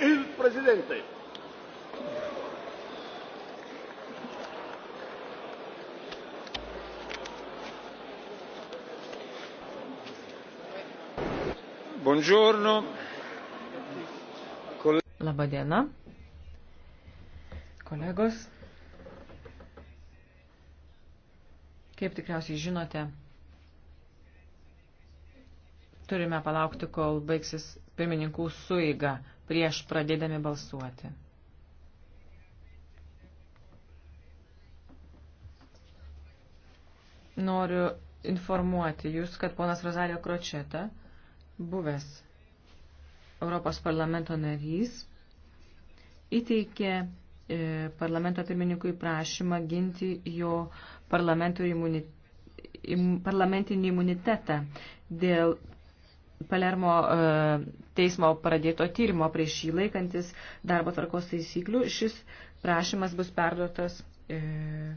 il Presidente. Buongiorno. Labą dieną, kolegos. Kaip tikriausiai žinote, turime palaukti, kol baigsis pirmininkų suiga prieš pradėdami balsuoti. Noriu informuoti Jūs, kad ponas Rozario Kročeta, buvęs Europos parlamento narys, įteikė e, parlamento pirmininkui prašymą ginti jo parlamentinį imunitetą dėl Palermo e, teismo pradėto tyrimo prieš jį laikantis darbo tvarkos taisyklių, šis prašymas bus perduotas e,